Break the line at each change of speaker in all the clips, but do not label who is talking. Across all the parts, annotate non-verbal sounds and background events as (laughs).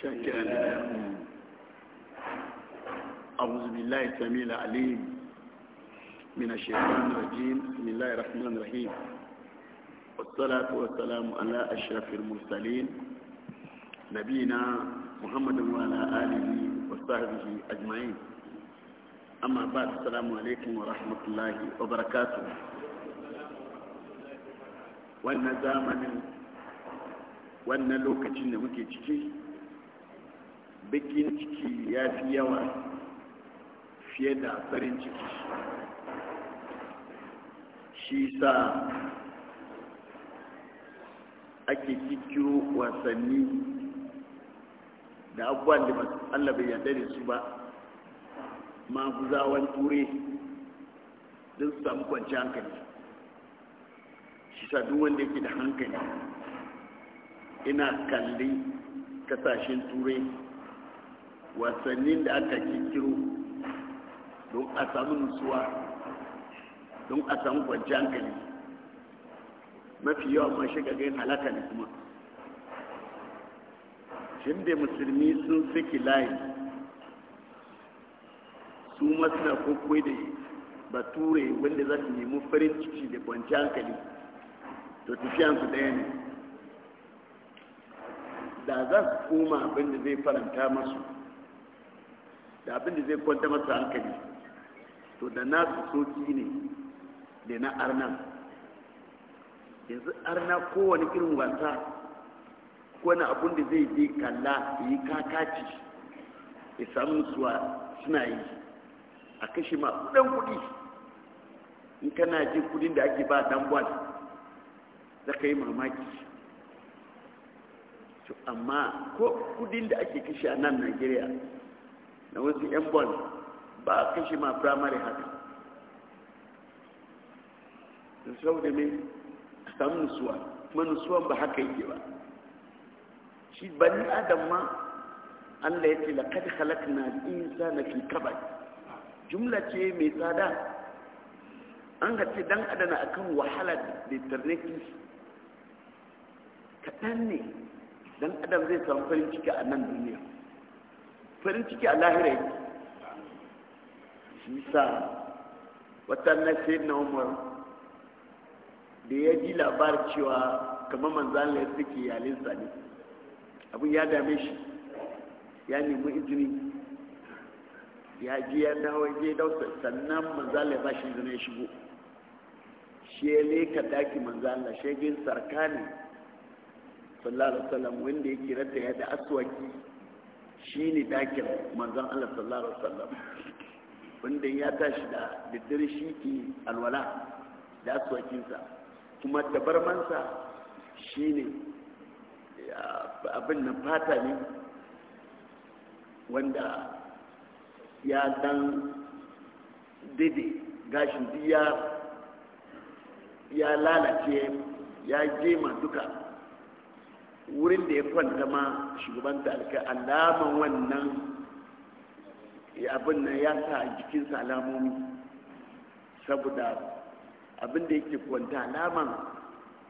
شاكرا أعوذ بالله السميع العليم من الشيطان الرجيم بسم الله الرحمن الرحيم والصلاة والسلام على أشرف المرسلين نبينا محمد وعلى آله وصحبه أجمعين أما بعد السلام عليكم ورحمة الله وبركاته
وأن زامن
وأن لوكتين وكتين Bikin ciki ya fi yawa fiye da farin ciki shi sa ake kikiro wasanni da abubuwan da Allah bai yarda da su ba maguzawan ture don su samu kwanci hankali shi sa duk wanda yake da hankali ina kalli kasashen turai wasannin da aka kikiro don a samu nutsuwa don a samu kwanciyar gani mafi yawa ma ga gani halaka ne kuma shi da musulmi sun saki layi su masana kokwai da bature wanda za su nemi farin ciki da kwanciyar gani to su daya ne da za su koma abinda zai faranta masu da abin da zai kwanta masa hankali to da su soki ne da na arna. yanzu arna kowane irin wasa kowane abin da zai je kalla da yi kakaci ya samu suwa suna yi a kashe ma kudan kudi in kana jin kudin da ake ba dan bwal za ka yi mamaki amma ko kudin da ake kashe a nan Najeriya. na wasu 'yan bol ba a kashe ma firamare haka da sau da mai samun nusuwa kuma nusuwan ba haka yake ba shi bani adam ma allah ya ce laƙad na insa na fi kabar jumla ce mai tsada an gace dan adana akan wahala da tarnaki kaɗan ne dan adam zai samu farin a nan duniya farin ciki a lahira yake shi sa wata na sayi na umar da ya ji labar cewa kamar manzan ya suke yalin ne abin ya dame shi ya nemi izini ya ji ya dawo ya je dausa sannan manzan ya ba shi izini ya shigo shi ya leka daki manzan Allah shi ya sarka ne sallallahu alaihi wasallam wanda ya kiranta ya da aswaki shi ne dakin manzon Allah sallallahu alaihi wasallam wanda ya tashi da daddare shi ke alwala da aswakinsa kuma tabarmansa shi ne eh, abin nan fata ne wanda ya dan dade gashin duk ya lalace ya jema duka wurin da ya kwanta ma shugaban talaka alaman wannan abin nan ya sa a jikinsa alamomi saboda abin da yake kwanta alaman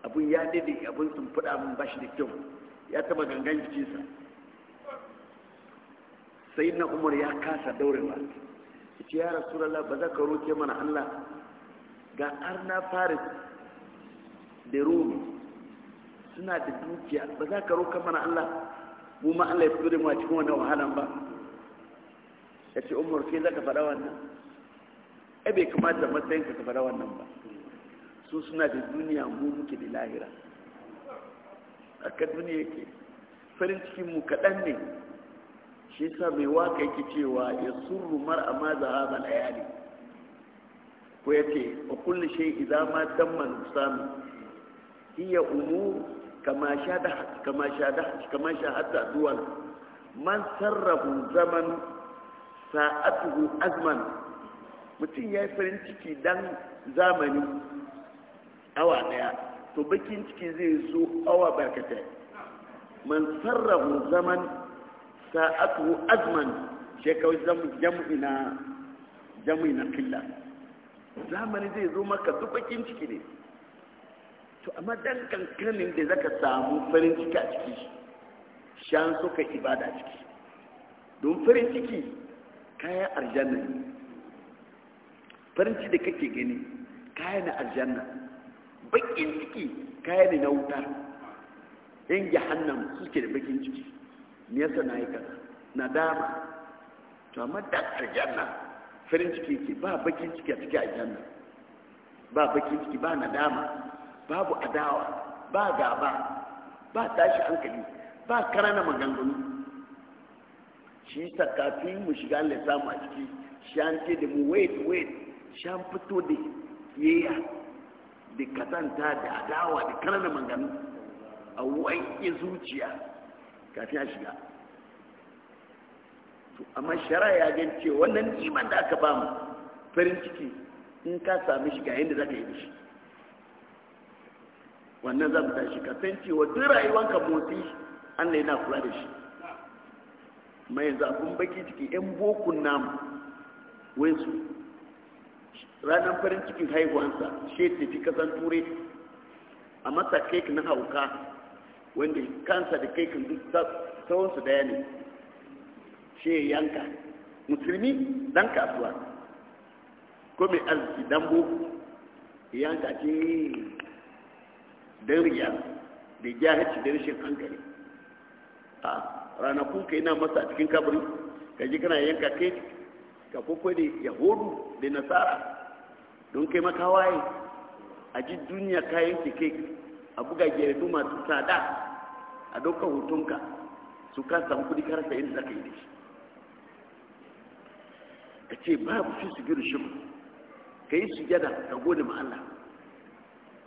abin ya daidai abin sun fada min bashi da kyau ya taba gangan jikinsa sai na umar ya kasa ba ce ya rasu lalata ba za ka roke mana allah ga arna faris da rumi suna da dukiya ba za ka roƙa mana Allah mu ma Allah ya fito da mu a cikin wannan wahalan ba ya ce umar ke za ka faɗa wannan ai bai kamata matsayin ka faɗa wannan ba su suna da duniya mu muke da lahira a ka duniya yake farin cikin mu kaɗan ne shi sa mai waka yake cewa ya surru maza ma zahaba layali ko ce wa kullu shi idza ma tamma samu hiya umur kama shahada kama shahada kama duwan man sarrafu zaman sa'atuhu azman mutum ya yi farin ciki dan zamani awa daya to bakin ciki zai zo awa barkatai man sarrafu zaman sa'atuhu azman shekau jam'i na killa zamani zai zo maka duk bakin ciki ne to amma dan kankanin da zaka samu farin ciki a ciki shan suka ibada a ciki don farin ciki kayan aljanna, ne farin ciki da kake gani kayan na aljanna bakin ciki kayan ne na wuta yan jahannam suke da bakin ciki ne yasa na yi kaza na dama to amma da aljanna farin ciki ke ba bakin ciki a ciki aljanna ba bakin ciki ba nadama babu adawa ba gaba ba tashi hankali ba karana maganganu shi ta kafin mu shiga ne samu a ciki shi an ce da mu wait wait shi an fito da yaya da katanta da adawa da karana maganganu a wanke zuciya kafin a shiga to amma shara ya gan ce wannan iman da aka bamu farin ciki in ka sami shiga yadda za ka yi da shi wannan za mu tashi ka san cewa duk rayuwanka motsi Allah yana kula da shi mai yanzu abin baki ciki yan bokun namu wai su ranar farin cikin haihuwansa shi tafi kasan ture a masa kek na hauka wanda kansa da kek duk tsawonsu daya ne shi yanka musulmi dan kasuwa ko mai arziki dan boko yanka ce eh. don riya da jahilci da rashin hankali a ranakun ka yana masa a cikin kabari ka ji kana yanka kai ka kwakwai da yahudu da nasara don kai maka waye a ji duniya kayan kai a buga gerdu masu tsada a ɗaukar hotonka su ka samu kudi karasa yin zaka yi da shi ka ce babu fi su giru shi ka yi sujada ka gode ma Allah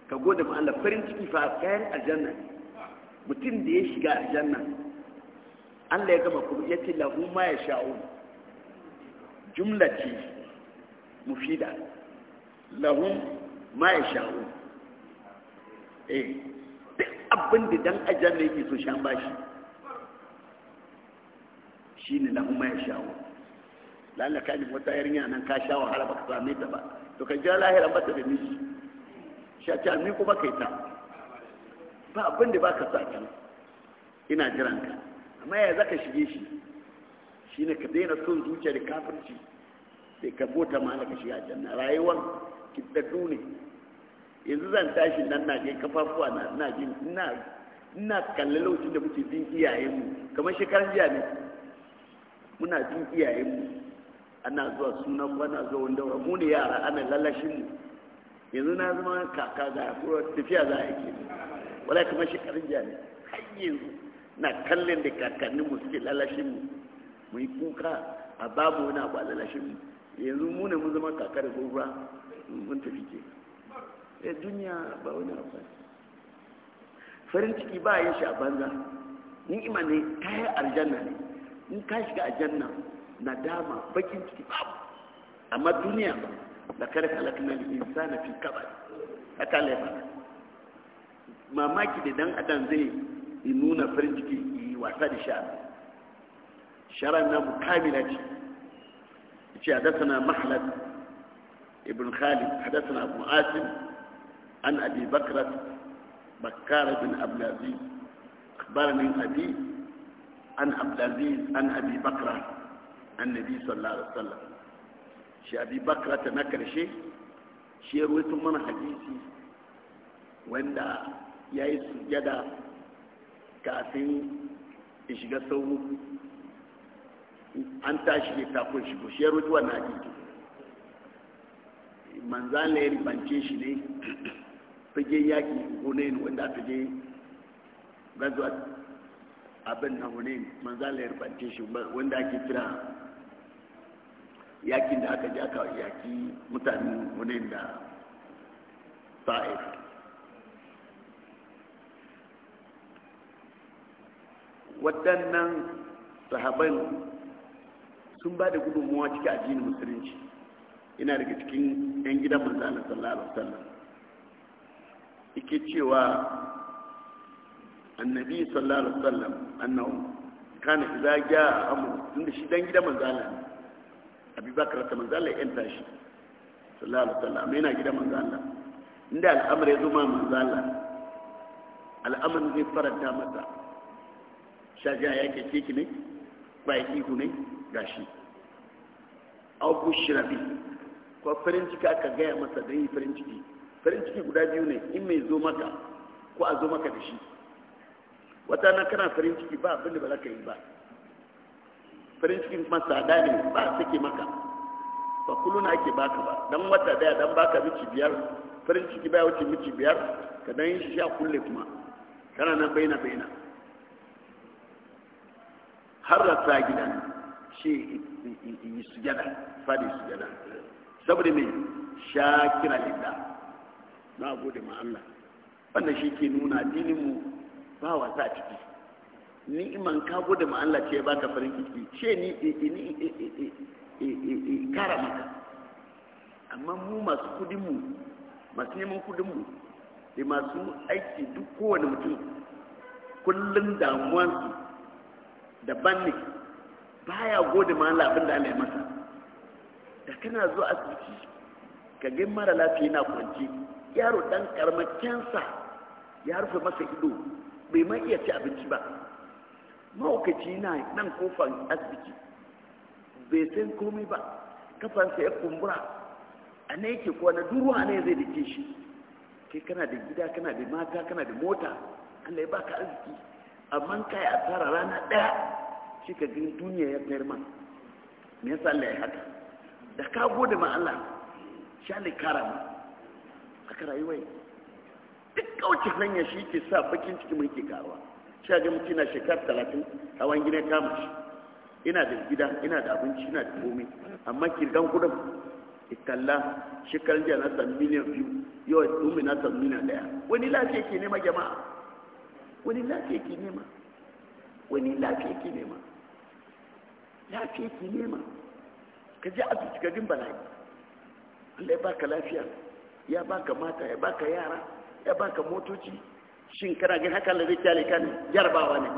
ka gode ma Allah farin ciki fa kayan aljanna mutum da ya shiga aljanna Allah ya gama kuma ya ce lahu ma ya sha'u jumla ce mufida lahu ma ya sha'u eh duk abin da dan aljanna yake so shan bashi shine lahu ma ya sha'u lalla ka ji wata yarinya nan ka sha wahala baka same ta ba to ka jira lahira ba ta da miji shaci almi kuma kai ta ba abin da baka sa can ina jiran ka amma ya zaka shige shi ne ka daina son zuciya da kafirci sai ka bota ma ka shiga janna rayuwar kiddadu ne yanzu zan tashi nan na je kafafuwa na na jin ina ina kalle lokacin da muke jin iyayenmu kamar shekaran jiya ne muna jin iyayenmu ana zuwa sunan ana zuwa wanda mu ne yara ana lalashin mu yanzu na zama kaka za a kura tafiya za a yake wala kuma shekarun jiya ne har yanzu na kallon da kakannin mu suke lalashin mu mu yi kuka a babu wani abu a lalashin mu yanzu mu ne mun zama kaka da gobra mun tafi ke eh duniya ba wani abu farin ciki ba yin shi a banza ni ima ne kayan aljanna ne in ka shiga aljanna dama bakin ciki babu amma duniya ba لكلك لكن الإنسان في كبر أتعلم ما ما كده دان أدان إنونا فرنجكي يواتر شعر شعر نام كاملة حدثنا محلد ابن خالد حدثنا أبو عاصم عن أبي بكرة بكار بن أبن عزيز أخبرني أبي عن أبن عزيز عن أبي بكرة النبي صلى الله عليه وسلم shi abi bakrata na karshe shi ya mana hadisi wanda ya yi sujada kafin ya shiga sauru an tashi ne kafin shigo shi ya ruwaito wannan hadisi manzan ya ribance shi ne fage yaki hunain wanda fage gazuwa abin na hunain manzan ya ribance shi wanda ake kira yakin da aka ji aka yaki mutane wani da sa'ir waɗannan sahaban sun ba da gudunmuwa cikin ajiyar musulunci ina daga cikin 'yan gidan manzana sallallahu alaihi wasallam ike cewa annabi sallallahu alaihi wasallam annahu kana a jaa tun da shi dan gidan manzana ne abubakar ta manzala ya yanta shi sallallahu ta'ala wasallam yana gida manzala inda al'amur ya zuma ma al'amur zai faranta mata shaja ya ke keke ne ba ihu ne gashi shi abu bi ko farin ciki aka gaya masa da yi farin ciki farin ciki guda biyu ne in mai zo maka ko a zo maka da shi wata na kana farin ciki ba abin da ba za ka yi ba farin cikin kuma tsada ne ba suke maka ba na ake baka ba dan wata daya dan baka miki biyar farin ciki baya wuce miki biyar ka dan yi shi a kulle kuma kana nan baina baina har rasa gidan shi yi sujada fadi sujada saboda me shakira lilla na gode ma Allah wannan shi ke nuna dinin mu ba wasa ciki ni'iman ka gode ma Allah ce ba baka farin ciki ce ni eh, eh, ni eh, kara maka amma mu masu kudin masu neman kudin mu da masu aiki duk kowane mutum kullum da daban ne baya gode ma Allah abin da Allah ya masa da kana zuwa asibiti ka ga mara lafiya na kwanci yaro dan karma ya rufe masa ido bai ma iya ci abinci ba maukaci na nan kofar asibiti bai san komai ba kafansa ya kumbura a ne yake kuwa na duruwa ne zai dake shi kai kana da gida kana da mata kana da mota allah ya baka arziki amma kai a asara rana ɗaya shi ka gani duniya ya fayar ma me yasa allah ya haka da ka gode ma allah sha ne kara aka rayuwa duk kauce hanya shi ke sa bakin ciki mai ke karuwa sha ga mutum na shekar talatin hawan gida kama shi ina da gida ina da abinci ina da komai amma kirgan kudin ikalla shekarun jiya na san miliyan biyu yau dumi na san miliyan daya wani lafiya ke nema jama'a wani lafiya ke nema wani lafiya ke nema lafiya ke nema ka ji a ka gajin bala'i Allah ya baka lafiya ya baka mata ya baka yara ya baka motoci shin kana gina haka da zai kyale ka jarabawa ne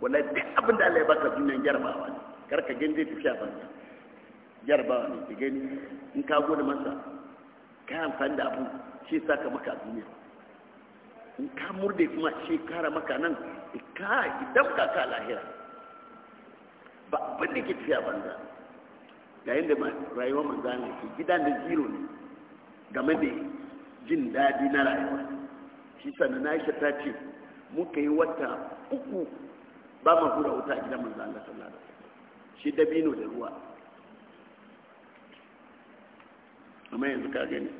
wallahi duk abin da Allah ya baka duniyan jarabawa ne karka ka zai tafiya banta jarabawa ne ki gani in ka gode masa ka amfani da abu shi ka maka duniya in ka murde kuma shi kara maka nan ka idan ka ka lahira ba abin da ke tafiya banza ga yadda rayuwar manzana ke gidan da zero ne game da jin daɗi na rayuwa shi sannan na aisha ta ce muka yi wata uku ba ma hura wuta a gidan manzo Allah sallallahu alaihi wasallam shi dabino da ruwa amma yanzu ka gani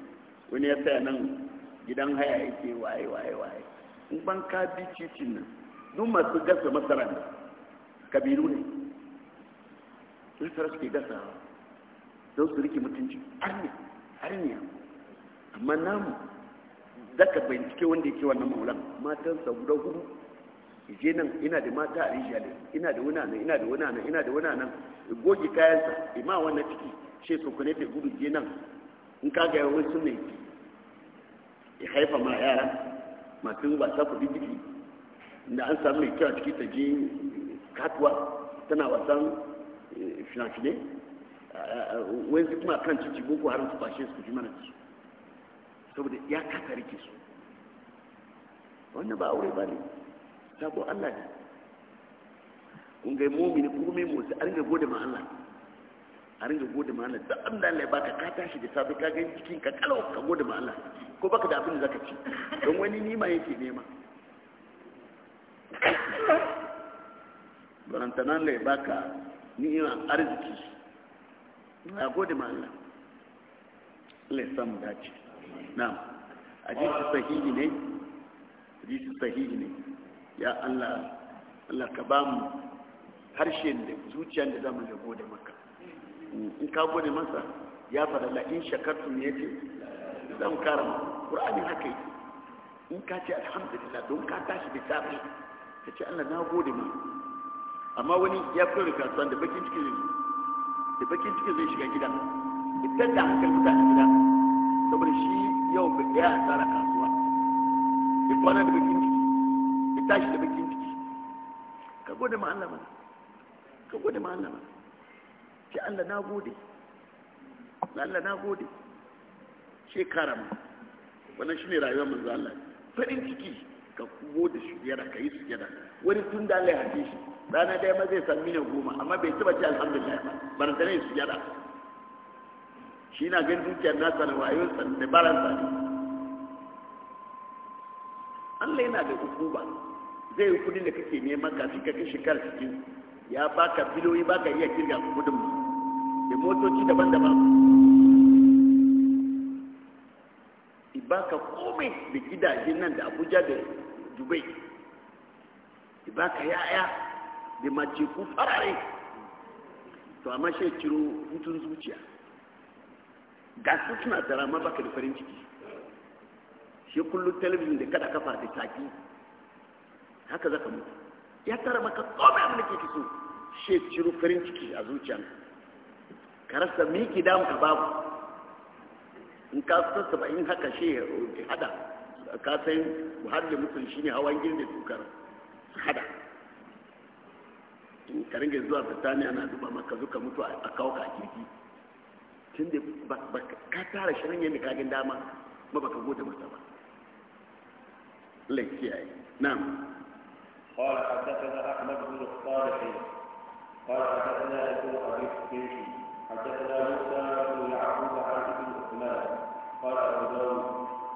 wani ya tsaya nan gidan haya yake waye waye waye in ban ka bi titin nan duk masu gasa masara ne kabiru ne sun suke gasa don su rike mutunci har ne amma namu zaka bincike wanda yake wannan maulan matansa guda hudu je nan ina da mata a rijiya ne ina da wuna nan ina da wuna nan ina da wuna nan goge kayansa ima wannan ciki she su kune ta gudu je nan in ka ga yawon sun ne ya haifa ma yara masu ba ta ku bibiki da an samu mai kyau a ciki ta je katuwa tana wasan eh, fina-finai wani kuma kan ciki boko harin su fashe su ji mana ciki saboda ya kasa rike su wannan ba aure ba ne sabon Allah ne kun ga mumini ko mai motsi a ringa gode ma a ringa gode ma Allah an abin da Allah ya baka ka tashi da safe ka ga cikin ka kalau ka gode ma ko baka da abin da zaka ci don wani nima yake nema barantana Allah ya baka ni'ima arziki na gode ma Allah Allah samu dace na'am hadisi sahihi ne hadisi sahihi ne ya Allah Allah ka ba mu harshen da zuciyar da zamu gode maka in ka gode masa ya fara la in shakartum yace zan kara Qur'ani haka yake in ka ce alhamdulillah don ka tashi da safe ka ce Allah na gode ma amma wani ya fara kasuwa da bakin cikin da bakin cikin zai shiga gida ita da hankali mutane gida saboda shi yau bai ya tsara kasuwa ya kwana da bakin ciki ya tashi da bakin ciki ka gode ma Allah mana ka gode ma Allah mana ce Allah na gode Allah na gode shekara ma wannan shi ne rayuwar manzo Allah farin ciki ka kugo da shi sujjada ka yi sujjada wani tun da Allah ya haɗe shi rana ɗaya ma zai san miliyan goma amma bai taɓa ce alhamdulillah ba barantana ya sujjada shi na gan dukiyar nasa da wayonsa da ne Allah yana da ba zai yi kudin da kake neman kafin ka kashe kar cikin ya baka biloyi baka iya kirga kudin mu da motoci daban-daban ibaka kome da gidajen nan da abuja da dubai ibaka yaya da mace ku farare to amma shi ciro hutun zuciya ga su suna tara ma baka da farin ciki shi kullum talabijin da kada kafa da taki haka zaka mutu ya tara maka komai abin da ke so shi ciro farin ciki a zuciya ka rasa miki damu ka babu in ka san in haka shi hada ka san buhari da mutum shi ne hawan girne tukar hada in ka ringa zuwa birtaniya na zuba maka zuka mutu a kawo ka kirki tun da ka tara shirin yadda kagin dama ma baka gode masa ba laifi ya yi na'am قال حدثنا
احمد بن الصالح قال حدثنا ابن ابي سفيان حدثنا موسى بن يعقوب عن ابن عثمان قال ابو داود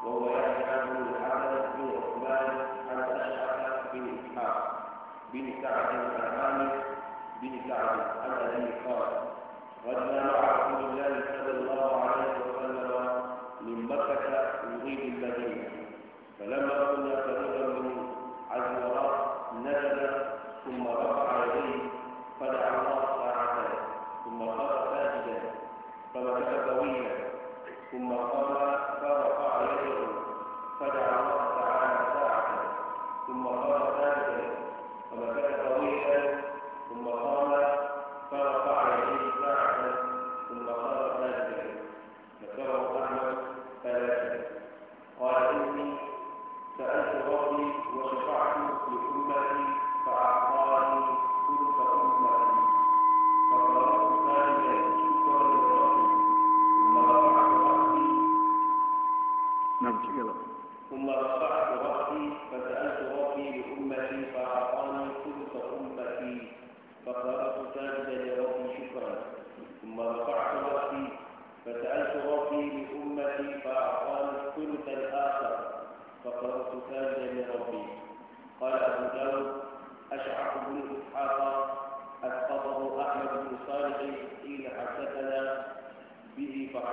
وهو يحيى بن الحسن بن عثمان عن اشعث بن اسحاق بن سعد الحامد بن سعد عن ابي قال غدنا مع الله صلى الله عليه وسلم من مكة المدينة فلما كنا قريبا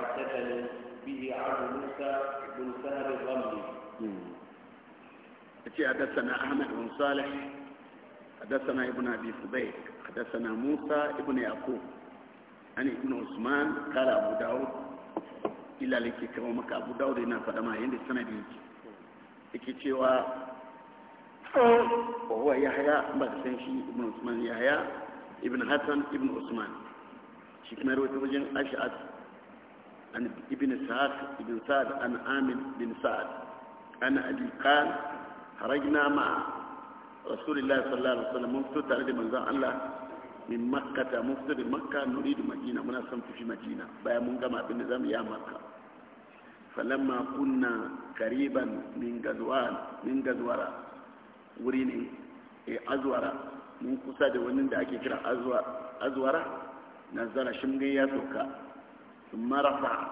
Akwai fita fita biyar a Musa bin Saminu a dasa n'Ahamadu Musa ala a dasa a dasa n'Amusa Ibnu Yaqub a ni Ibnu Usman ƙara Abuɗa'u ila leke kama maka Abuɗa'u de yana fada ma a yanzu tsana dake ake cewa a a aho ba zafin a yi a kai a yi a Hassan Ibin Usman shi ke yi rufe wajen aisha عن ابن سعد ابن سعد عن عامر بن سعد عن أبي قال خرجنا مع رسول الله صلى الله عليه وسلم مفتوح على من الله من مكة مفتوح مكة نريد مدينة مناسبة في مدينة بايا منقمع بالنظام يا مكة فلما كنا قريبا من غزوان من غزورة ورين أزورة من قصاد ونند أكي كرا أزورة نزل شمغي يسوكا ثم رفع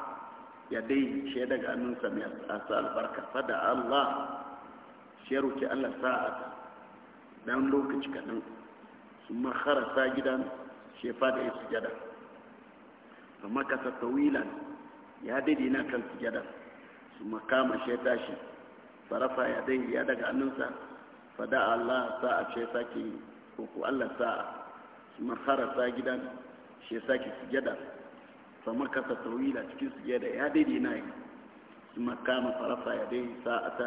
يديه شيء أن أنن سمي أسأل بركة فدع الله شيروك ألا ساعة دان لوكش كدن ثم خر ساجدا شفاد فاد سجدا فمكث طويلا يا دينا كان سجدا ثم قام شيتاشي فرفع يديه يا أن أنن فدع الله ساعة شيتاكي ساكي ko Allah ثم خر ساجدا شيتاكي ساكي سجدا sama kasa tawila cikin su da ya daidai na yi su makama farafa ya dai sa'ata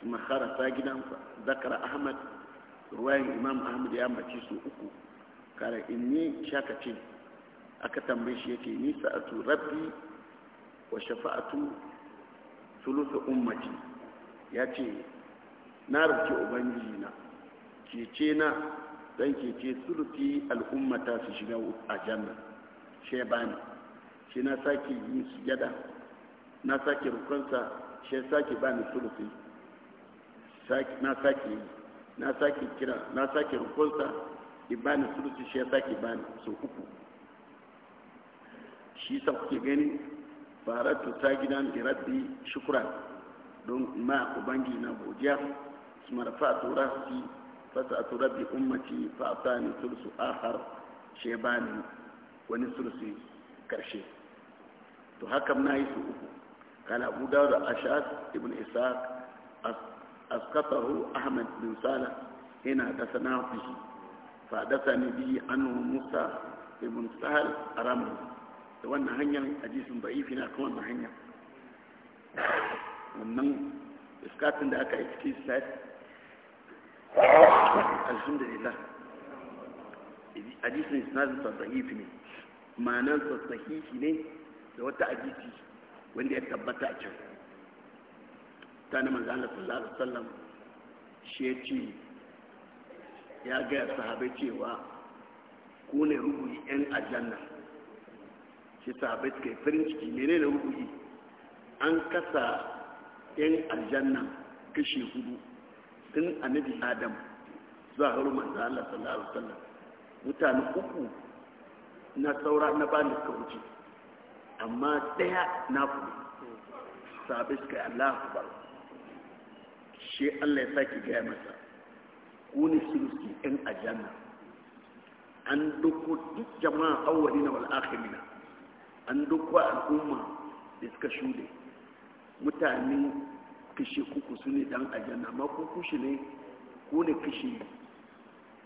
su makarasa gidansa zakara ahmad ruwayan imam ahmad ya ambaci su uku kare in yi shakacin aka tambaye shi yake ni sa'atu rabbi wa shafa'atu sulusa ummati ya ce na rufe ubangiji na cece na don cece sulusi al'ummata su shiga a janna shebani shi na sake yin sujada na sake rukunsa shi sake ba ni sulusi na sake yi na sake kira na sake rukunsa ibani sulusi shi ya sake ba ni so uku shi sa kuke gani faratu ta gidan da rabbi shukura don ma ubangi na godiya su marafa tura su fasa tura bi ummaci fa ta ni sulusu har shi ya bani wani sulusi karshe to haka na yi su uku kan abu dawuda ashad ibn isaac askatahu ahmed bin salah ina dasa na fi dasa ni bi anu musa ibn sahal ramu da wannan hanyar hadisin bai fi na kan wannan hanyar wannan iskatin da aka yi cikin sai alhamdulillah hadisin sinadin sa sahihi ne ma'anar sa sahihi ne da wata hadisi wanda ya tabbata a can ta na manzo Allah sallallahu alaihi wasallam shi ya ce ya gaya sahabai cewa ku ne rubuyi yan aljanna shi sahabai suka yi farin ciki menene rubuyi an kasa yan aljanna kashe hudu tun annabi adam zuwa haru manzo Allah sallallahu alaihi wasallam mutane uku na saura na bani suka wuce amma daya na kuma sabi suka Allah shi Allah ya saki gaya masa kuni sulusi ɗin ajanna an duku duk jama'a awali na wal'akhirina an dukko al'umma da suka shude mutane kashi kuku su ne dan ajanna ma ku kushi ne kuni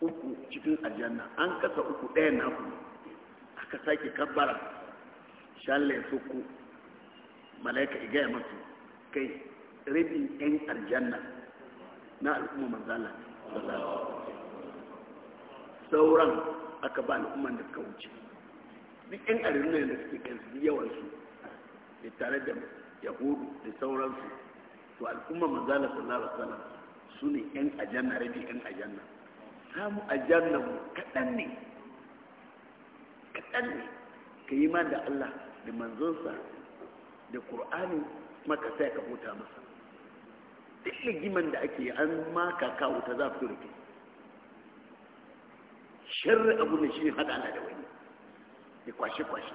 uku cikin ajanna an kasa uku ɗaya na ku aka sake kabbara shalle ya soko malaika ya gaya masu kai rabin yan aljanna na al'umma manzala sauran aka ba al'umman da suka wuce duk yan aljanna da suke kansu yawansu da tare da yahudu da sauransu to al'umma manzala sallallahu alaihi wasallam su ne yan aljanna rabi yan aljanna samu aljanna kaɗan ne kaɗan ne ka yi ma da Allah da manzonsa da ƙur'ani maka sai ka huta masa duk ligiman da ake an maka kawo ta za fito da ke shirin abu ne shi haɗa ana da wani da kwashe-kwashe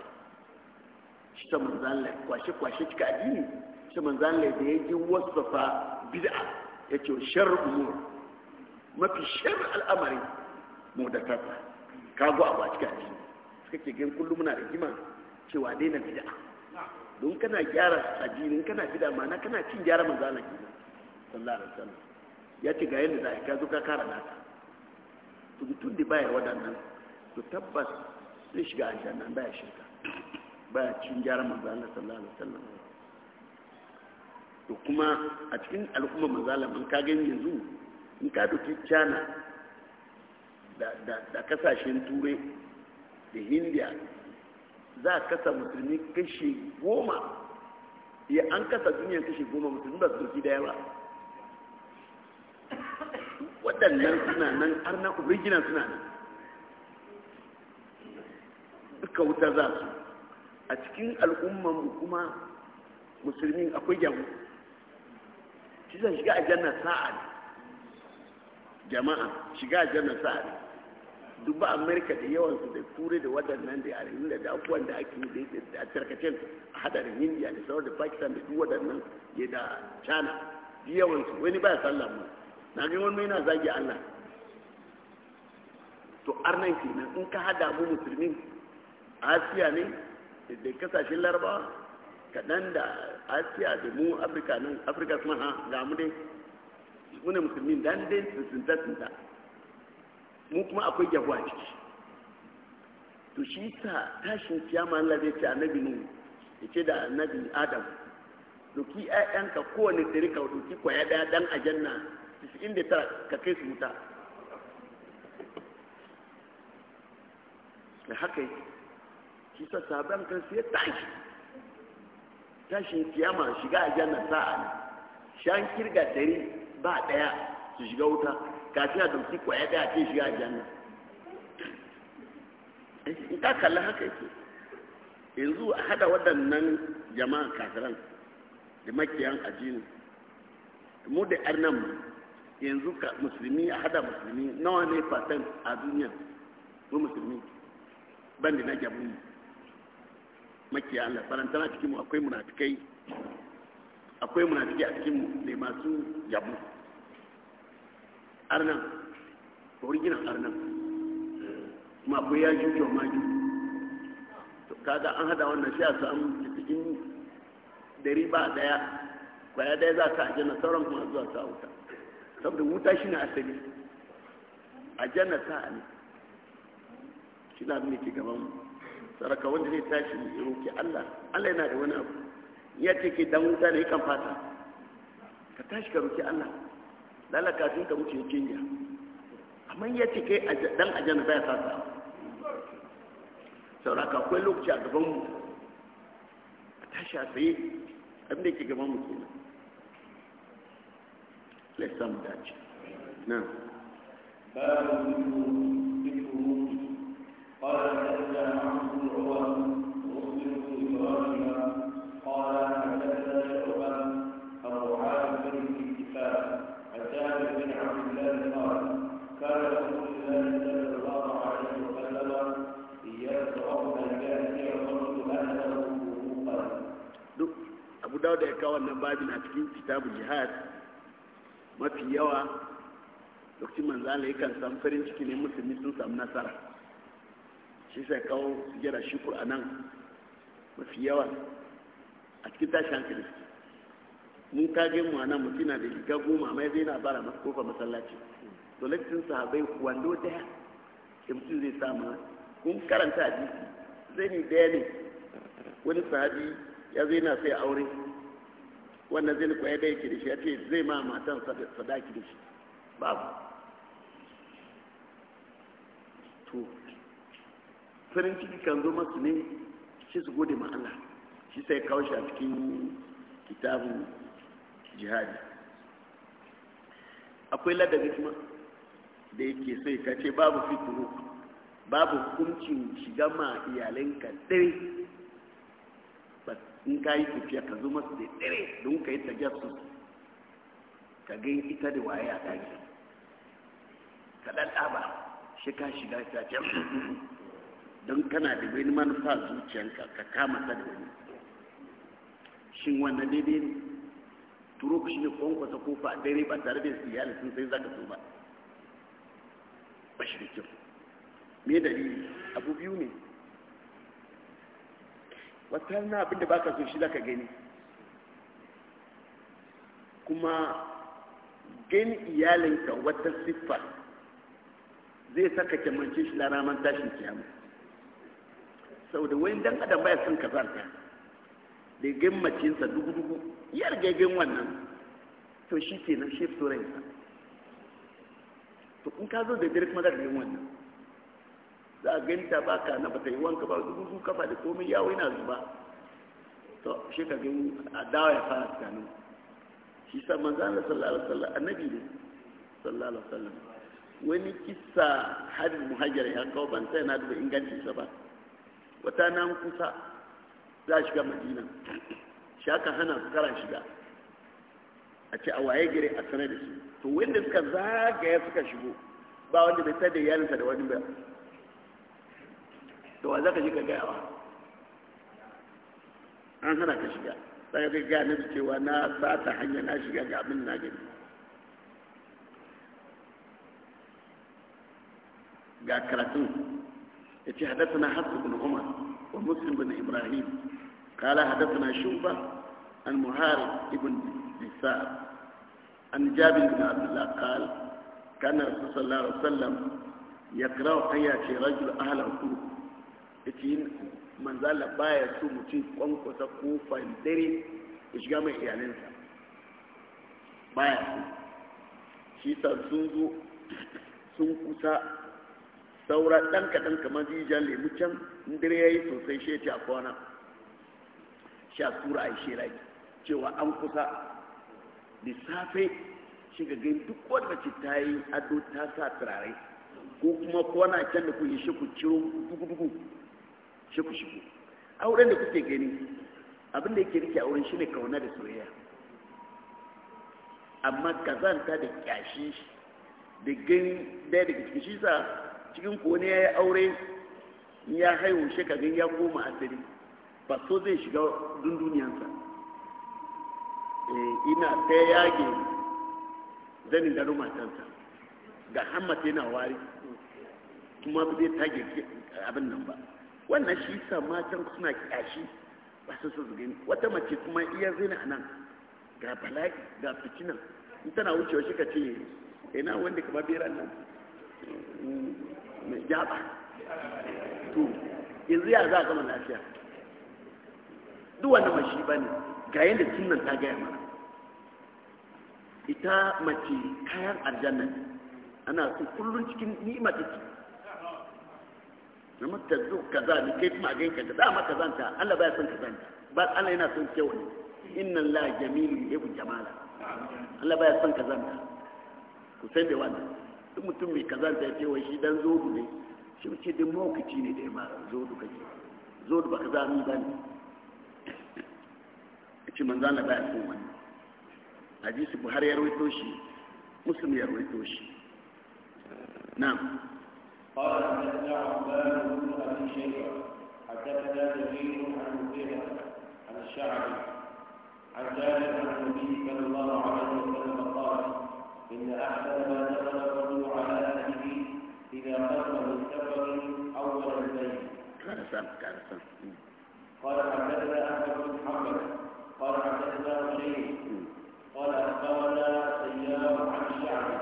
shi ta manzanla kwashe-kwashe cika addini shi ta manzanla da ya ji wasafa bid'a ya ce shirin umur mafi shirin al'amari mu da tata kago abu a cika addini suka ke gan kullum muna rigima cewa daina bid'a don kana gyara addinin kana bid'a na kana cin gyara manzo Allah kenan sallallahu alaihi wasallam ya ce ga yadda za ka zo ka kara naka to mutum da baya waɗannan to tabbas zai shiga aljanna baya shirka baya cin gyara manzo Allah sallallahu alaihi wasallam to kuma a cikin al'umma manzo Allah ka gani yanzu in ka doki China da kasashen turai da hindiya. za a kasa musulmi kashi goma ya an kasa duniya kashi goma musulmi ba su doki daya ba waɗannan suna nan har na original suna nan duka wuta za su a cikin al'ummanmu kuma musulmi akwai gyamu shi zan shiga a janna sa'a jama'a shiga a janna sa'a duba amerika da yawan su da turai da waɗannan da yare da abubuwan da ake yi da tarkacen a hadarin india da sauran da pakistan da duk waɗannan ya da china da yawan su wani ba ya sallah mu na ga wani yana zagi allah to arnan kenan in ka hada mu musulmin asiya ne da kasashen larabawa kaɗan da asiya da mu afirka nan afirka suna ha ga mu dai mu ne musulmin dan dai sun sunta sunta mu kuma akwai gyabo a ciki to shi sa tashin kiyama Allah zai ce annabi nu ya ce da annabi adam doki ƴaƴanka kowane tsiri ka doki kwaya ɗaya dan ajanna tara ka kai su wuta da haka yi shi sa sabon kansu ya tashi tashin kiyama shiga ajanna sa'a shan kirga dari ba ɗaya su shiga wuta kafin a dauki kwaya da ce shi a janna eh, in ka kalla haka yake yanzu a hada waɗannan jama'a kafiran da makiyan ajini mu da arnan yanzu ka musulmi a hada musulmi nawa ne fatan a duniya mu musulmi ban da na jamu makiya Allah farantana cikin mu akwai munafikai akwai munafikai a cikin mu ne masu jamu arnan original arnan kuma akwai ya juju ma to kaga an hada wannan sai a samu cikin dari ba daya kwaya daya za ta ajiyar sauran kuma zuwa sa wuta saboda wuta shi ne asali ajiyar sa ne shi na abin da ke gaban mu saraka wanda zai tashi ya roki allah allah yana da wani abu ya ce ke dan wuta ne kan fata ka tashi ka roki allah lalla kafin ka wuce kenya amma ya ce kai dan ajiyar baya sa sa sauraka kwai lokaci a gaban mu a tashi a tsaye abinda ke gaban mu kenan lai samu dace na قال abu dawo da ya kawo wannan babin a cikin kitabun jihad mafi yawa lokacin manzala yakan san farin ciki ne musulmi sun samu nasara shi sai kawo jira shi kur'anan mafi yawa a cikin tashi hankali mu kagen je mu nan mutum na da riga goma mai zai na bara masu kofa masallaci to lokacin sahabai wando daya da mutum zai sa mana kun karanta a jiki zai ne daya ne wani sahabi ya zai na sai aure wannan zai kwaya ya yake da shi ya ce zai ma matan sadaki da shi babu to farin ciki kan zo masu ne shi su gode ma shi sai kawo shi a cikin kitabun jihadi akwai ladabi kuma da yake sai ka ce babu fituru babu hukuncin shiga ma iyalinka dare in ka yi tafiya ka zo masu da dare don ka yi tajassus ka ga ita da waye a daki ka ba shi ka shiga ta can don kana da wani manufa zuciyanka ka kama ta da wani shin wannan daidai ne turo ku shine kwankwasa kofa dare ba tare da iyali sun sai zaka so ba ba shi da kyau me dalili abu biyu ne wata na abin da baka so shi zaka gani kuma gani iyalinka wata siffa zai saka kyamance shi na ranar tashin kiyama saboda wani dan adam baya son kazanta da gammacinsa dubu-dubu ya riga wannan to shi ke nan shef turai ransa to in ka zo da dare kuma za wannan za a ganta ba ka na bata yi wanka ba dubu-dubu kafa da komai yawo yana zuba to shi ka gani a dawa ya fara tsakanin shi sa manzan da sallallahu alaihi annabi ne sallala sallala wani kisa hadin muhajjar ya kawo ban sai na da ingancinsa ba wata nan kusa za a shiga madina shi aka hana su kara shiga a ce a waye gire a sanar da su to wanda suka zagaya suka shigo ba wanda bai sai da iyalinsa da wani ba to wa za ka shiga gayawa an hana ka shiga za ka gaya na cewa na sata hanya na shiga ga abin na gani ga karatun ya ce haddasa na hasu bin umar ومسلم بن إبراهيم قال حدثنا شوبة عن مهارب ابن دسار عن جابر بن عبد الله قال كان رسول صلى الله عليه وسلم يقرأ آيات رجل أهل القلوب إتين من ذا بايا سو متين قنق وتقوفا دري إشجام إعلانسا بايا سو شيسا سنزو sun kusa saura ɗan kaɗan kamar jijiyar lemu can dare ya yi sosai shi a kwana sha tura a shi rai cewa an kusa da safe shi ga duk wanda ce ta yi ado ta sa turare ko kuma kwana can da shi ku ciro dugu shi ku shigo auren da kuke gani abin da yake rike auren shi ne kauna da soyayya amma kazanta da kyashi da gani daya daga cikin shi sa cikin ko ne ya yi aure ya haihu shi ka ya koma asiri ba so zai shiga dunduniyansa eh, ina ta yage zanin gado matansa ga hammata yana wari kuma ba zai tage abin nan ba wannan shi sa matan suna kyashi ba su su gani wata mace kuma iya zina nan ga bala'i ga fitina in tana wucewa shi ka ce ina wanda ka ba bera nan mai jaba to yanzu ya za a zama lafiya duk wannan mashi ba ne ga yadda sunan ta gaya mana ita mace kayan aljanna ana su kullum cikin ni'ima take na mata zo kaza ne kai kuma a gai kaza dama kazanta Allah baya son zanta ba Allah yana son kyau ne inna la jamilu yuhibbu jamala Allah baya son zanta ku san da wannan duk mutum mai kazanta ya ce shi dan zodu ne shi ce duk mawukaci ne da ya mara zodu ce zodu ba ka za ba ne a ce manzo na bayan son wani su buhari ya rawaito shi muslim ya rawaito shi na'am
قال حدثنا بن حدثنا عن عن الشعبي عن جابر النبي صلى الله عليه وسلم قال إن أحسن ما دخل الرجل على أهله إذا قام من أول الليل.
كان سامع كان سامع.
قال حدثنا أحمد بن محمد قال حدثنا شيخ قال أخبرنا سيار عن شعبة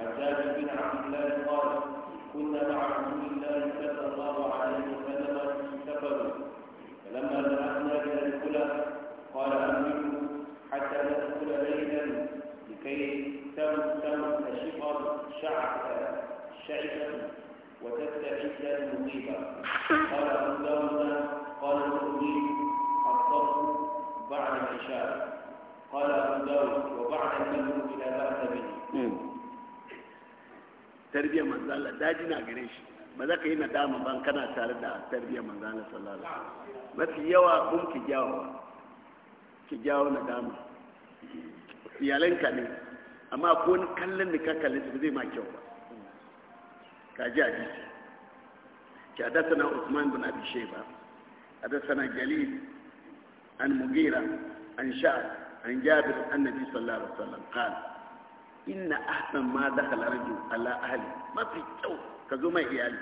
عن جابر بن عبد الله قال كنا مع رسول الله صلى الله عليه وسلم في سفر فلما ذهبنا إلى الكلى قال أمنوا حتى ندخل ليلا كي تم تم شعر شعرا وتتعيش المصيبة قال أبو قال المؤمن
الصف بعد العشاء قال أبو وبعد المنزل إلى بعد منه تربية من ذلك داجنا قريش ماذا كينا داما بان كنا تاردا تربية من ذلك صلى الله عليه وسلم ما في يوا قم كجاوا كجاوا نداما iyalanka ne amma ko wani kallon da ka kalli su zai ma kyau ba ka ji a hadisi ki hadathana Usman bin Abi Shayba hadathana Jalil an Mugira an sha, an Jabir annabi sallallahu alaihi wasallam qala inna ahsan ma dakhala rajul ala ahli mafi kyau ka zo mai iyali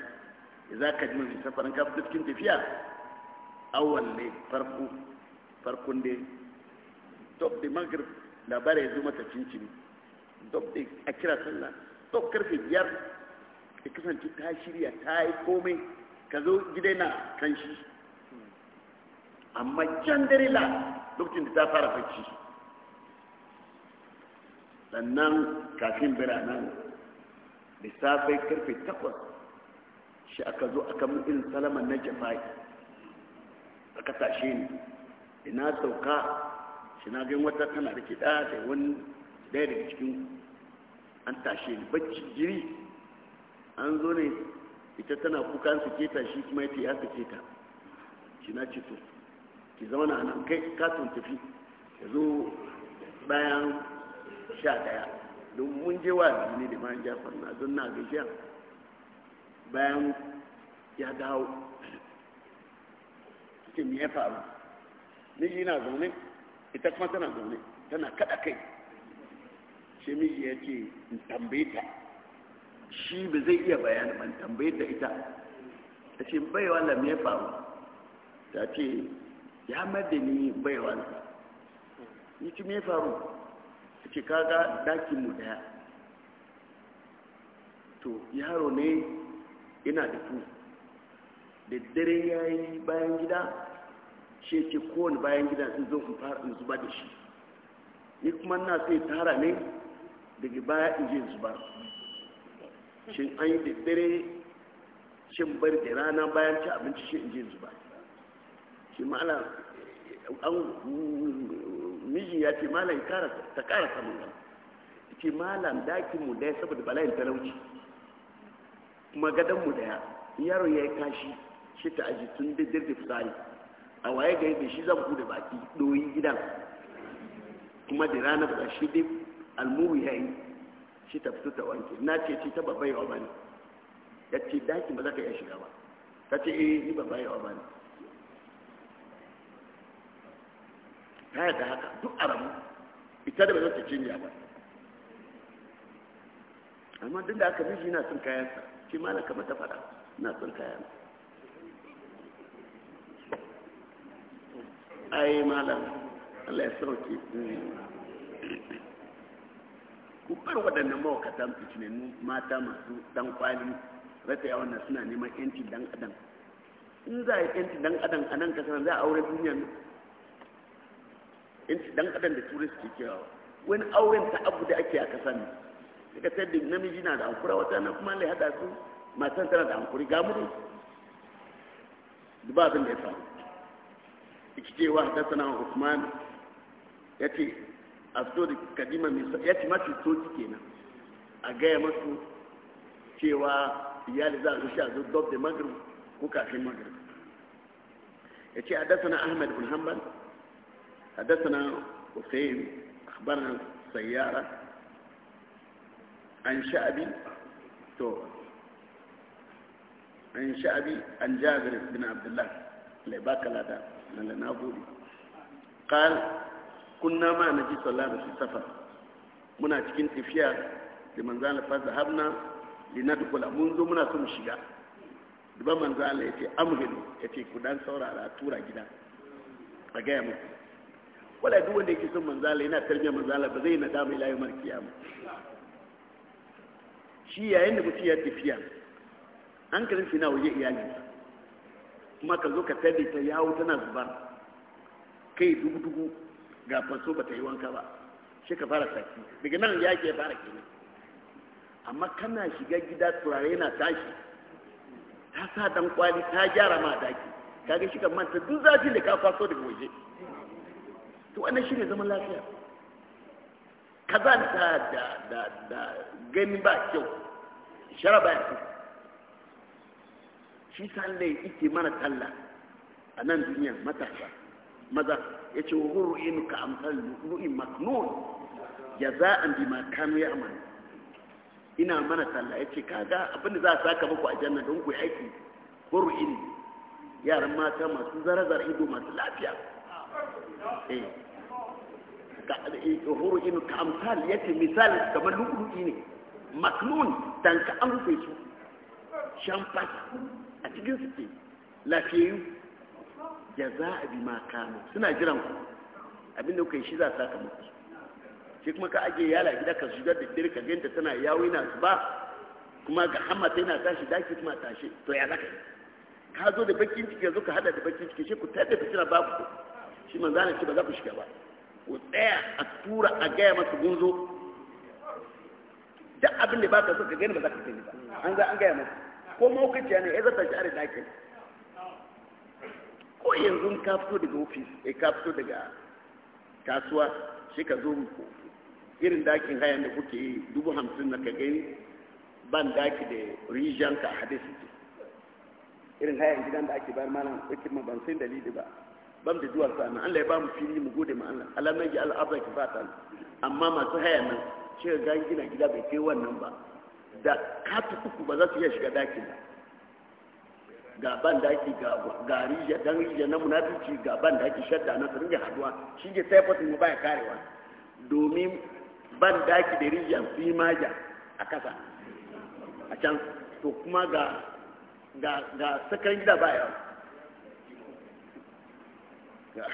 idza ka ji mai safarin ka cikin tafiya awwal ne farko farkon dai top da maghrib labarai ya zo mata cincini a kira sallah dok karfe biyar ya kasance ta shirya ta yi komai ka zo gidai na kan shi amma can dare la lokacin da ta fara bacci sannan kafin biranen da safe karfe takwas shi aka zo aka mun irin salaman na jafa'i aka tashe ni ina sauka shi na gan wata tana da kiɗa da wani ɗaya daga cikin an tashe ni bacci jiri an zo ne ita tana kuka an suke ta shi kuma ita ya ta shi na ce to ki zama na nan kai katon tafi ya zo bayan sha daya don mun je wa ne da bayan jafar na don na gajiya bayan ya dawo ce mi ya faru ni na zaune ita kuma tana zaune tana kada kai shi miji ya ce in tambaye ta shi ba zai iya bayani ban tambaye ta ita ta ce baiwa da me faru ta ce ya mada ni baiwa da yi ci me faru ta ce kaga dakin mu daya to yaro ne ina da tu da dare ya yi bayan gida shi ce kowane bayan gidan sun zo in fara in zuba da shi ni kuma na sai tara ne daga baya in je zuba shi an yi daddare shi bar bari da rana bayan ci abinci shi in je zuba shi ma'ala an miji ya ce malam ta kara samun gama ce malam dakin mu daya saboda bala'in talauci kuma gadon mu daya yaro ya yi kashi shi ta aji tun da dirdi fitsari a waye gari da shi zan bude baki ɗoyi gidan kuma da ranar da shi dai almuru ya yi shi ta fito ta wanke na ce ce ta babban yawa bane ya ce daki ba za ka iya shiga ba ta ce eh ni babban yawa bane ta yadda haka duk aramu ita da ba za ta ce ba amma duk da aka miji na son kayansa ce malaka mata fada na son kayansa aye ka Allah ya sauke ku bar waɗannan ma fitinannu mata masu dan kwali rata yawan na suna neman yanci dan adam in za ye yi yanci dan adam a nan kasar za a aure duniya ne yanci dan adam de da turai suke kewa wani auren ta abu de ake a kasar ne ka ta da namiji na da hankura wata na kuma lai hada su matan tana da ankuri gamu ne ba abin da ya cewa haddasa Usman ya ce a so da kadima ya ce mafi soci kenan a gaya masu cewa iyali za a zo shi a zo dab da magrib ko kafin magrib ya ce haddasa na Ahmad bin Hanbal haddasa na Hussein akhbaran sayyara an sha'abi to an sha'abi an jabir bin Abdullah lai baka lada lalla na bude qal kunna ma ji sallallahu alaihi safa muna cikin tafiya da manzo Allah fa zahabna linadkhul mun zo muna so mu shiga duba manzo Allah yace amhil yace ku dan saurara tura gida a ga mu wala duk wanda yake son manzo Allah yana tarbiya manzo Allah ba zai nadama ila yawmar kiyama shi yayin da mutum ya tafiya an karin shi na waje iyalinsa kuma ka zo ka tabi ta yawo tana zubar kai dubu dubu ga faso ba ta yi wanka ba shi ka fara saki daga nan ya ke fara kenan amma kana shiga gida turare yana tashi ta sa dan kwali ta gyara ma daki kaga shi ka manta duk zafin da ka faso daga waje to wannan ne zaman lafiya kazanta da da da gani ba kyau shara ba ya shi sallai ike mana talla a nan duniya matasa maza ya ce wa hurru ka amsar lu'in maknun ya za a bi ma ya amana ina mana talla ya ce kaga abinda za a saka muku a janna don ku aiki hurru inu yaran mata masu zarazar ido masu lafiya eh, eh inu ka amsal ya ce misali kamar lu'ulu'i ne maknun dan ka amfe su shan fata a cikin suke lafiyayyu ya za a bi makano suna jiran ku abinda kuka yi shi za a saka muku shi kuma ka ajiye yala gida ka shiga da dare ka ganta tana yawo yana zuba kuma ga hamata yana tashi daki kuma tashi to ya zaka ka zo da bakin ciki yanzu ka hada da bakin ciki shi ku da fitina babu ku shi manzo ana ce ba za ku shiga ba ku tsaya a tura a gaya masa gunzo duk abin da baka so ka gani ba za ka gani ba an za an gaya masa ko maukaciya ne ya zata share dakin ko yanzu ka fito daga ofis eh ka fito daga kasuwa shi ka zo muku irin dakin hayan da kuke yi dubu hamsin na ka gani ban daki da rijiyan ka hadisi irin hayan gidan da ake bayar malam ake ma ban sai dalili ba Ban da duwar sa'an Allah ya ba mu fili mu gode ma Allah Allah mai ji al'abaki ta amma masu hayan nan shi ga gina gida bai kai wannan ba da katu uku ba za su iya shiga dakin ba ga ban daki ga rijiya dan rijiya na munafici ga ban daki shadda na su ringa haduwa shi ke typhus mu baya karewa domin ban daki da rijiya su yi maja a kasa a can to kuma ga ga sakan gida baya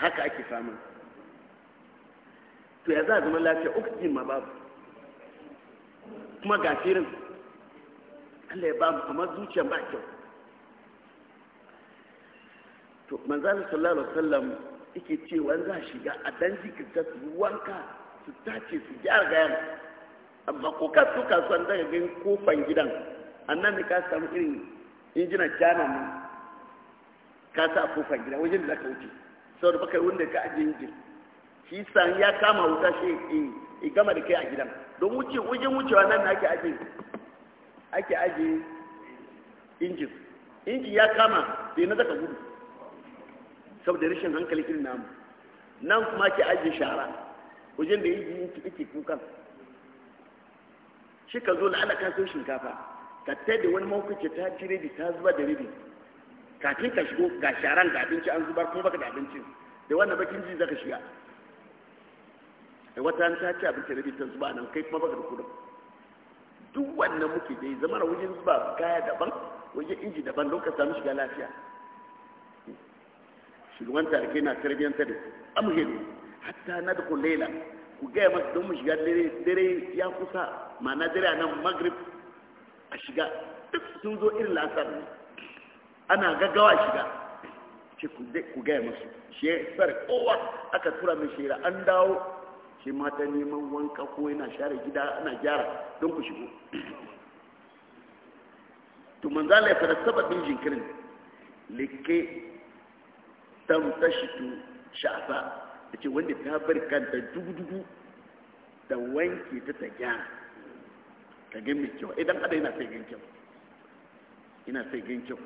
haka ake samun to ya za a zama lafiya oxygen ma babu kuma ga firin Allah ya ba mu amma zuciya ba kyau to manzal sallallahu alaihi wasallam yake cewa za shiga a dan jikinta su wanka su tace su gyara gayan amma ko ka so ka san daga gani kofan gidan annan ne ka samu irin injinan kyanan ne ka sa kofan gidan wajen da ka wuce saboda baka yi wanda ka ajiye injin shi san ya kama wuta shi ya gama da kai a gidan don wuce wajen wucewa nan na ake ajiye ake aje injin inji ya kama bai na zaka gudu saboda rashin hankali irin namu nan kuma ke aje shara wajen da inji inji kike kukan shi ka zo la'ala ka so shinkafa ka ta da wani mawukaci ta ci rabi ta zuba da rabi kafin ka shigo ga sharan ga abinci an zubar kuma baka da abincin da wannan bakin ji zaka shiga wata ta ci abinci rabi ta zuba nan kai kuma baka da kudin duk wannan muke da zama da wajen zuba kaya daban wajen inji daban don ka samu shiga lafiya shugaban tarihi na tarbiyyantar da amhilu hatta na da kulela ku gaya masu don mu shiga dare ya kusa ma na dare a nan magrib a shiga duk sun zo irin lasar ne ana gaggawa shiga ce ku gaya masu shi ya kowa aka tura mai shira an dawo shi mata neman wanka ko yana share gida ana gyara don ku shigo to manzala ya fara sababin jinkirin likke tamtashitu da ce wanda ta bar kanta dugudugu da wanke ta ta gyara ka gan mai kyau idan kada yana sai gan kyau ina sai gan kyau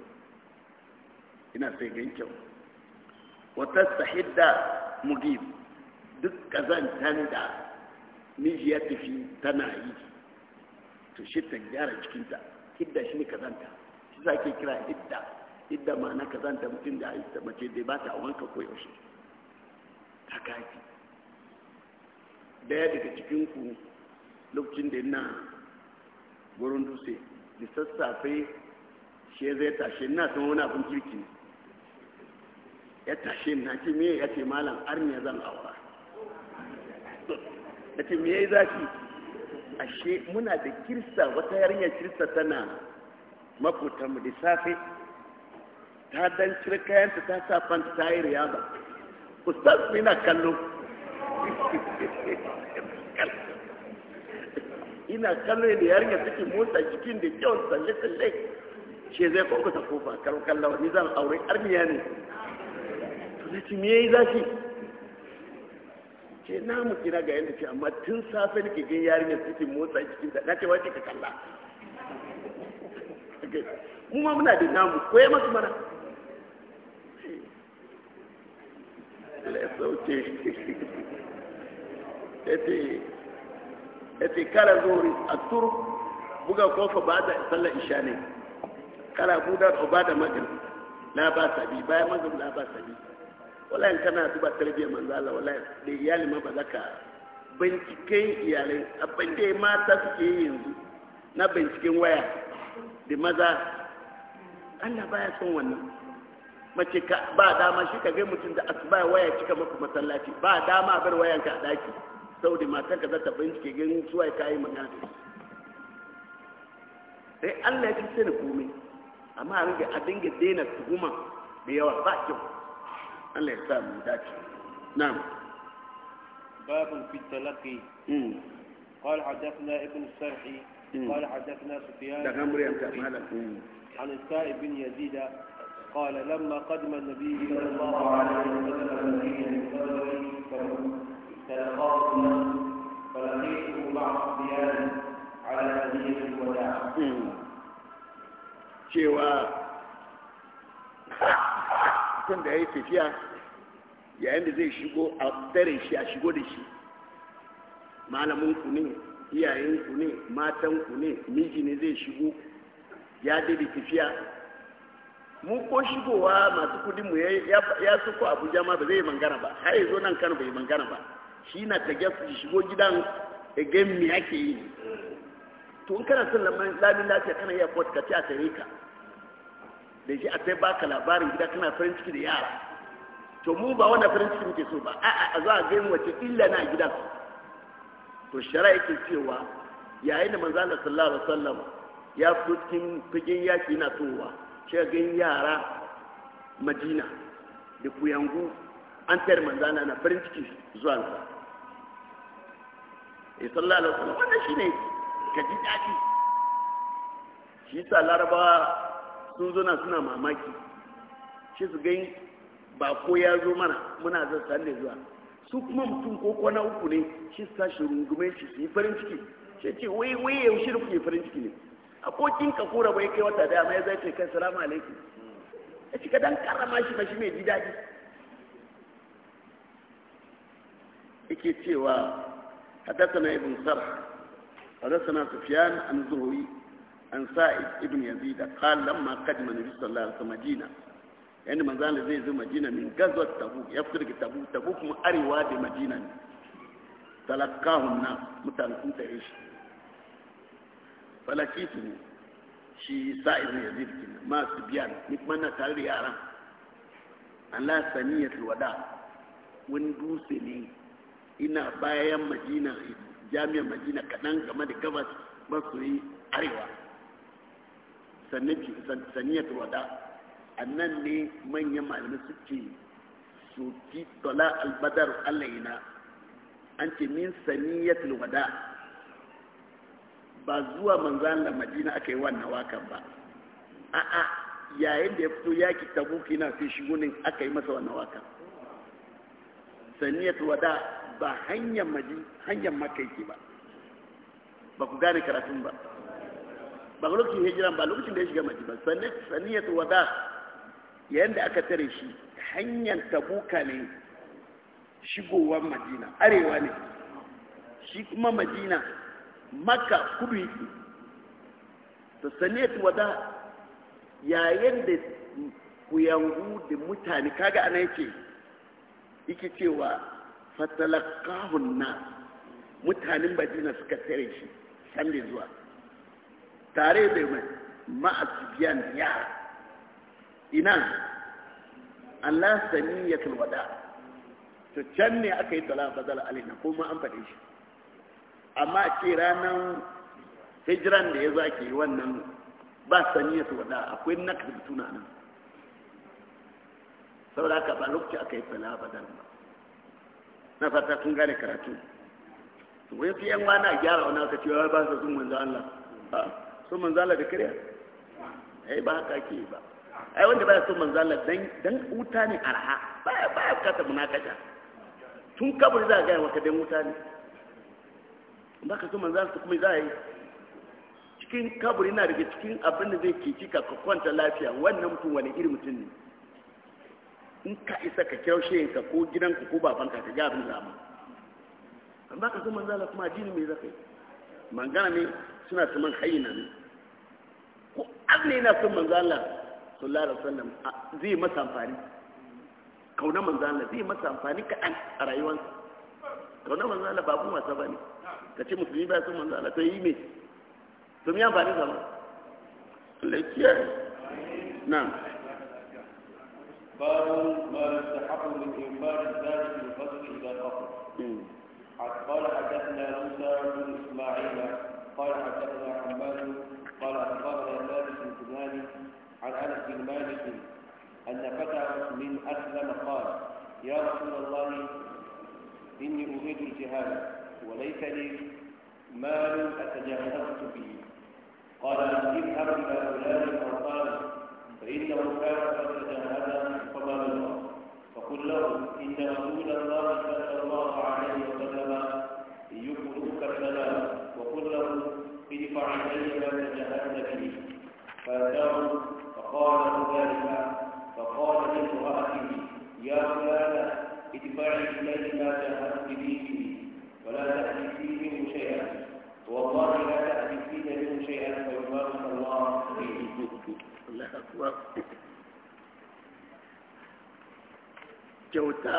ina sai gan kyau wata sahidda mugib duk kazantan da miji ya tafi tana yi to shi ta gyara jikinta hidda shi ne kazanta shi za ke kira hidda hidda ma na kazanta mutum da ta mace da ba ta wanka ko yaushe ta kafi daya daga cikinku lokacin da na gurin dutse da sassafe shi zai tashe na san wani abin kirki ya tashe na ce me ya ce malam arniya zan aura
na ce me ya yi zafi
ashe muna da kirista wata yarinyar kirista tana mu da safe ta dan cire kayanta ta sa fanta ta yi riyaba ustaz ne na kallo ina kallo (laughs) da yarinya take motsa jikin da kyau tsalle tsalle ce zai kwakwata kofa karo kallawa ni zan aure armiya ne to na ce me ya yi zafi ce namu kira ga yadda ce amma tun safe nake gan yarinyar cikin motsa cikin ta dace wace ka kalla (laughs) mu ma muna da namu ko ya masu mana sauce (laughs) ya ce kala zuri a tur buga kofa ba da sallar isha ne kara budar obada magrib la ba sabi bayan magrib la ba sabi Wala yin kana duba tarbiyyar manzo Allah wallahi da iyali ma ba za ka binciken iyalai abin da mata suke yi yanzu na binciken waya da maza Allah baya son wannan mace ka ba dama shi ka gai mutum da asuba waya cika maka masallaci ba dama bar ka a daki saboda ka za ta bincike gan suwa ka yi magana da shi sai Allah ya fi sani komai amma a a dinga daina tuhuma da yawa ba kyau الله ya sa نعم باب في التلقي قال حدثنا
ابن السرحي قال حدثنا سفيان عن السائب بن يزيد قال لما قدم النبي صلى الله عليه وسلم المدينه تلقاهما فلقيته مع سفيان
على هديه الوداع. شيوا mutum da ya yi tafiya yayin da zai shigo a tsare shi a shigo da shi malamin ku ne iyayen ku ne matan ku ne miji ne zai shigo ya daidai tafiya mu ko shigowa masu kudin mu ya suko abuja ma ba zai mangana ba har yanzu nan kano bai mangana ba shi na ta su shigo gidan again me ake yi to in kana son lamin lafiya kana iya podcast a tare ka da shi a sai baka labarin gida kana farin ciki da yara to mu ba wanda farin ciki muke so ba a'a a zo a gani wace illa na gidan to shari'a yake cewa yayin da manzo Allah sallallahu alaihi wasallam ya fito cikin fagen yaki na towa shi gani yara Madina da kuyangu an tayar manzana na farin ciki zuwa sa eh sallallahu alaihi wasallam wannan shine ka ji dadi shi sa larabawa sun zo na suna mamaki shi su gani ba ko ya zo mana muna zan san da zuwa su kuma mutum ko kwana uku ne shi su tashi rungume shi su yi farin ciki shi ce wai wai yaushe da kuke farin ciki ne kokin ka kora bai kai wata daya mai zai ce kai salamu alaikum ya ci kadan karama shi mashi mai ji daɗi yake cewa حدثنا ابن سرح حدثنا an عن زهري an sa'id ibn yazid qala lamma kadima nabi sallallahu alaihi wasallam madina yanda manzo Allah zai zo madina min gazwat tabuk ya fitar da tabuk tabuk mu arewa da madina ne talakkahu na mutan sun tare shi falakitu ne shi sa'id ibn yazid kenan ma su biya ni kuma na tare da yaran Allah saniyatul wada wani dutse ne ina bayan madina jami'ar madina kaɗan game da gabas masoyi arewa saniyar wada a nan ne manyan malamai suke soki dola albadar alaina an ce min saniyar wada ba zuwa manzan da madina aka yi wannan wakan ba a'a yayin da ya fito yaki tabuki na fi shigunin aka yi masa wannan wakan saniyar wada ba hanyar hanyar makaiki ba ba ku gane karatun ba ba lokacin hijiran ba lokacin da ya shiga madina saniyatu wada yanda aka tare shi hanyar tabuka ne shigowar madina arewa ne shi kuma madina makka kudu yake to saniyatu wada yayin da kuyangu da mutane kaga ana yake yake cewa fatalakahun na mutanen madina suka tare shi sanne zuwa tare da mai ma'asibiyan yara ina Allah sani ya tulwada to can ne aka yi tsala bazal alina ko ma an faɗe shi amma a ce ranar hijiran da ya zaki wannan ba sani ya tulwada akwai na karbitu na nan da aka ba lokaci aka yi tsala bazal ba na fata sun gane karatu Wai wani yan wani a gyara wani aka cewa ba su sun manzo Allah sun manzala da kariya ai ba haka ke ba ai wanda baya sun manzala dan wuta ne arha baya baya kata munakasha tun kabur za gaya maka dan wuta ne ba ka sun manzala su kuma za a yi cikin kaburi na daga cikin abin da zai kici ka kwanta lafiya wannan mutum wani irin mutum ne in ka isa ka kyau ka ko gidanka ko babanka ka ga abin zama an ka so manzala kuma jini mai zakai mangana ne suna saman hayyana ne har ne yana son manzo Allah sallallahu alaihi wasallam zai masa amfani kauna manzo Allah zai masa amfani kaɗan a rayuwarsa kauna manzo Allah babu wasa bane ka ce musulmi ba son manzo Allah to yi me to me amfani sa ma Allah kiyaye na'am
باب ما يستحق من إنبار الزاد في الفصل قال حدثنا موسى بن اسماعيل قال حدثنا حماد قال أخبرنا مالك بن سنان عن أنس بن مالك أن فتى من أسلم قال يا رسول الله إني أريد الجهاد وليس لي مال أتجاهلت به قال اذهب إلى فلان الأنصاري فإنه كان قد تجاهل فما منه فقل له إن رسول الله صلى الله عليه وسلم يكرهك السلام ادفع عنك ما تجاهلت به فاتاه فقال ذلك فقال لامرأته يا فلانة ادفعي الذي ما جاهدت به ولا تأتي منه شيئا والله لا تأتي منه شيئا فيبارك الله فيه الله أكبر
kyauta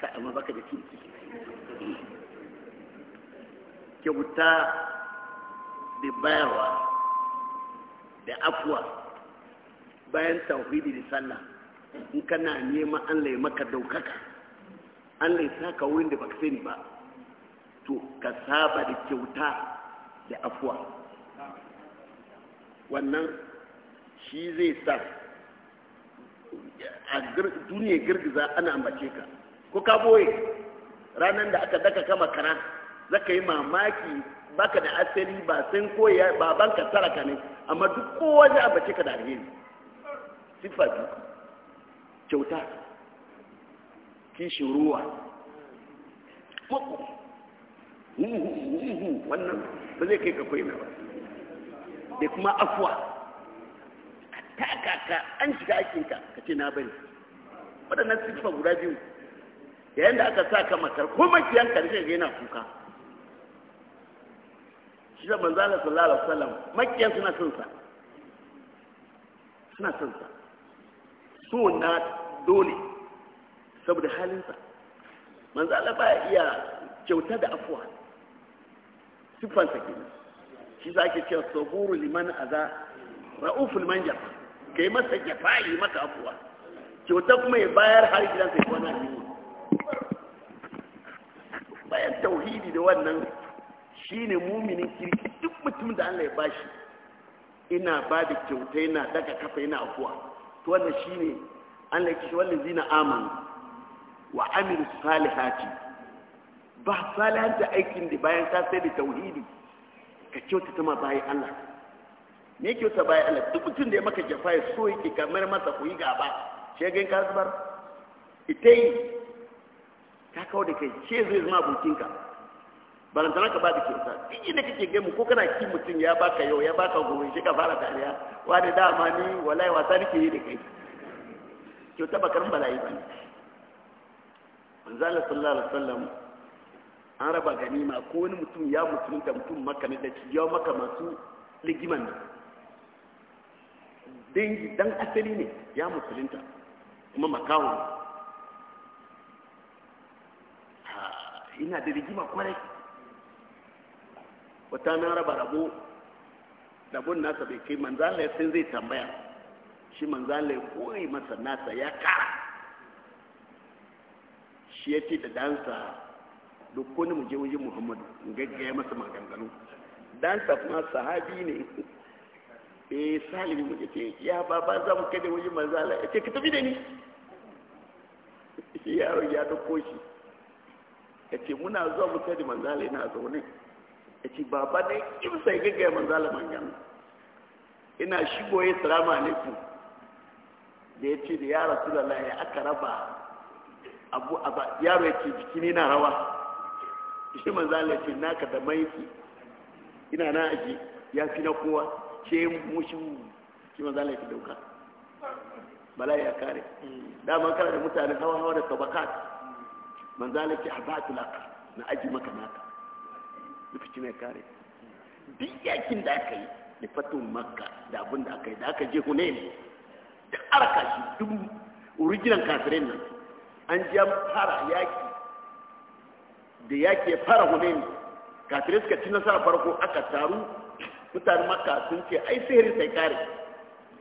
ka amma baka da kinki kyauta da bayarwa da afuwa bayan tauhidi da sallah in kana neman Allah ya maka daukaka Allah ya saka wurin da baka sani ba to ka saba da kyauta da afuwa wannan shi zai sa a duniya girgiza ana ambace ka ko ka boye ranar da aka daka kama kara zaka yi mamaki baka da asali ba sun koya ba banka saraka ne amma duk kowa a bace ka da alheri sifa biyu kyauta kishin ruwa koko wannan ba zai kai ka koyi ba da kuma afuwa ta kaka an shiga aikinka ka ce na bari waɗannan sifa guda biyu yayin da aka sa ka matar ko makiyan karshe ga yana kuka shi da manzo Allah sallallahu alaihi wasallam makiyan suna son sa suna son sa so na dole saboda halin sa manzo Allah ba iya kyauta da afuwa sifan sa kenan shi za ke cewa saburu liman aza ra'uful manja kai masa jafa'i maka afuwa kyauta kuma ya bayar har gidansa ya kwana biyu bayan tauhidi da wannan shine muminin kirki duk mutum da Allah ya bashi ina ba da kyauta ina daga kafa ina afuwa to wannan shine Allah ya kishi wannan zina aman? wa amil salihati ba salihanta aikin da bayan ka sai da tauhidi ka kyauta ta ma bayan Allah me kyauta bayan Allah duk mutum da ya maka jafa ya so yake kamar masa ku yi gaba shegen ka zubar ita yi ta kawo da kai ce zai zama abokinka barantana ka ba da kyauta duk inda kake gemu ko kana ki mutum ya baka yau ya baka gobe shi ka fara dariya wani dama ni wallahi wasa nake yi da kai kyauta ba karin bala'i ba manzo Allah sallallahu alaihi wasallam an raba ganima ko wani mutum ya mutum da mutum maka ne da ci yau maka masu ligiman ne dangi dan asali ne ya musulunta kuma makawo ina da rigima kwarai wata na raba rabo rabon nasa bai kai manzala ya sai zai tambaya shi manzala ya koyi masa nasa ya kara shi ya ce da dansa duk wani muje wajen muhammadu gaggaya masa maganganu dansa kuma sahabi ne e eh, salimi mu ce ya baba za mu kai da wajen manzala ya ce ka tafi da ni (laughs) yaro ya dauko shi ya ce muna zuwa mu kai da zaune ya ce baba dai in sai gaggaya manzala manyan ina shigo ya salamu alaikum da ya ce da ya rasu da aka raba abu a yaro yake jiki ne na rawa shi manzala ya ce naka da maiki ina na aji ya fi na kowa ce mushi shi manzala ya fi dauka bala ya kare dama kana da mutane hawa hawa da sabakat manzala ya ce a ba na aji maka naka da mai kare duk yakin da aka yi da fatun makka da abin da aka yi da aka je ne da arka shi duk original kafirin nan an ji an fara yaki da yaki ya fara ne kafirin suka ci nasara farko aka taru mutane makka sun ce ai sihirin sai kare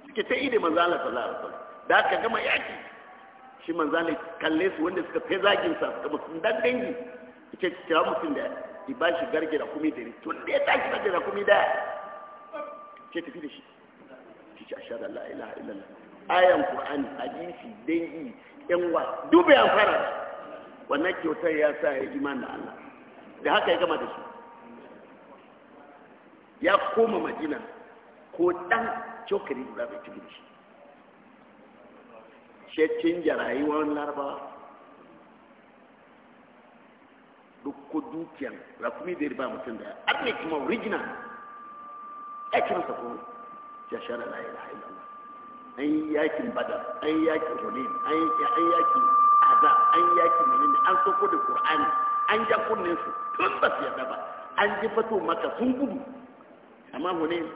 suke ta ide manzo Allah sallallahu alaihi wasallam da aka gama yaki shi manzo Allah kalle su wanda suka fe zagin sa suka musu dan dangi ce kira mutum da i ba shi garge da kuma dare tun da ya tashi garge da kuma da ke tafi da shi ki ci ashhadu an la ilaha illallah ayan qur'ani hadisi dangi yan wa dubi an fara wannan kyautar ya sa ya iman da Allah da haka ya gama da shi ya koma madina ko dan chokari da bai tafi da shi shi canja rayuwar larabawa ba dukiyan rakumi da riba mutum da abin ake kuma original yakin masa ko ya shara la ilaha illallah an yi yakin badar an yi yakin hunain an yi yakin aza an yi yakin menene an soko da qur'ani an ja kunnen su tun ba su yarda ba an ji fato maka sun gudu amma hunain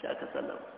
sha ka sallama